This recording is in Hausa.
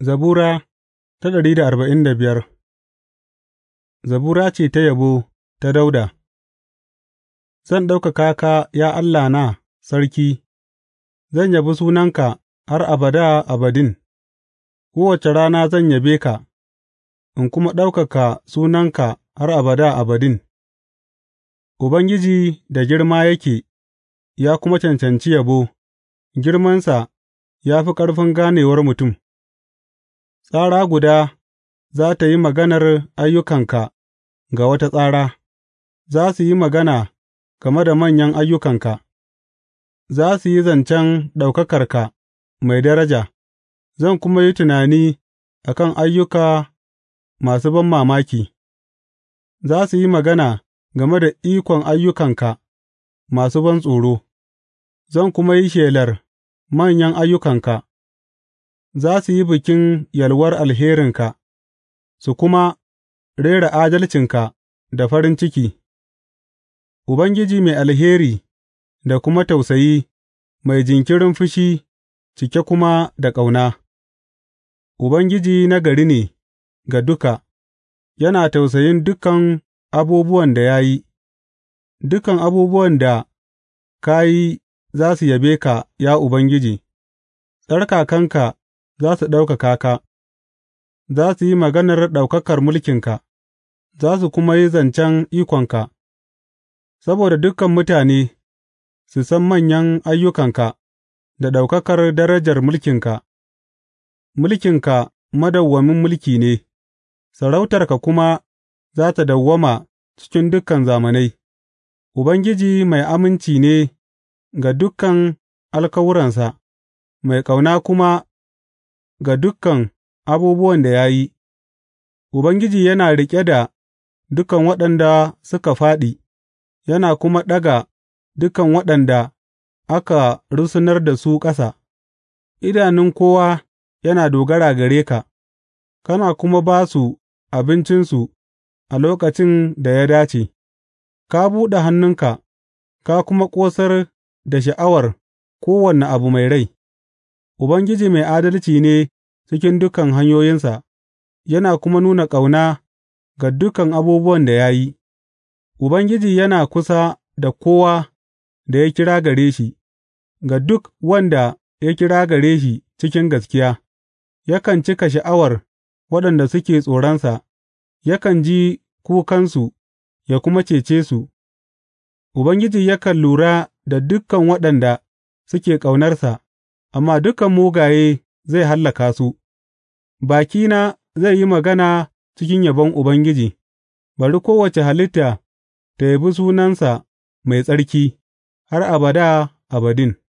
Zabura ta dari da arba'in da biyar Zabura ce ta yabo ta Dauda. Zan ɗaukaka ka, ya Allah na, Sarki, zan yabi sunanka har abada abadin, kowace rana zan yabe ka, in kuma ɗaukaka sunanka har abada abadin. Ubangiji da girma yake, ya kuma cancanci yabo, girmansa ya fi ƙarfin ganewar mutum. Tsara guda za tă yi maganar ayyukanka ga wata tsara, za su yi magana game da manyan ayyukanka; za su yi zancen ɗaukakarka mai daraja, zan kuma yi tunani a kan ayyuka masu ban mamaki. za su yi magana game da ikon ayyukanka masu ban tsoro. zan kuma yi shelar manyan ayyukanka. za su yi bikin yalwar alherinka su kuma rera adalcinka da farin ciki, Ubangiji mai alheri da kuma tausayi, mai jinkirin fushi cike kuma da ƙauna, Ubangiji nagari ne ga duka, yana tausayin dukan abubuwan da ya yi, dukan abubuwan da ka yi za su yabe ka, ya Ubangiji, tsarkakanka za su ɗaukaka ka, za su yi maganar ɗaukakar mulkinka, za su kuma yi zancen ikonka, saboda dukan mutane su san manyan ayyukanka da ɗaukakar darajar mulkinka, mulkinka madawwamin mulki ne, sarautarka kuma za ta dawwama cikin dukan zamanai, Ubangiji mai aminci ne ga dukan alkawuransa, mai ƙauna kuma ga dukan abubuwan da ya yi, Ubangiji yana riƙe da dukan waɗanda suka fāɗi yana kuma ɗaga dukan waɗanda aka rusunar da su ƙasa; idanun kowa yana dogara gare ka, kana kuma ba su abincinsu a lokacin da ya dace; ka buɗe hannunka ka kuma ƙosar da sha'awar kowane abu mai rai, Ubangiji mai adalci ne. cikin dukan hanyoyinsa, yana kuma nuna ƙauna ga dukan abubuwan da ya yi; Ubangiji yana kusa da kowa da ya kira gare shi, ga duk wanda ya kira gare shi cikin gaskiya; yakan cika sha'awar waɗanda suke tsoronsa, yakan ji kukansu ya kuma cece su, Ubangiji yakan lura da dukan waɗanda suke ƙaunarsa, amma dukan mugaye. zai hallaka su, bakina zai yi magana cikin yabon Ubangiji, bari kowace halitta ta yabi sunansa mai tsarki har abada abadin.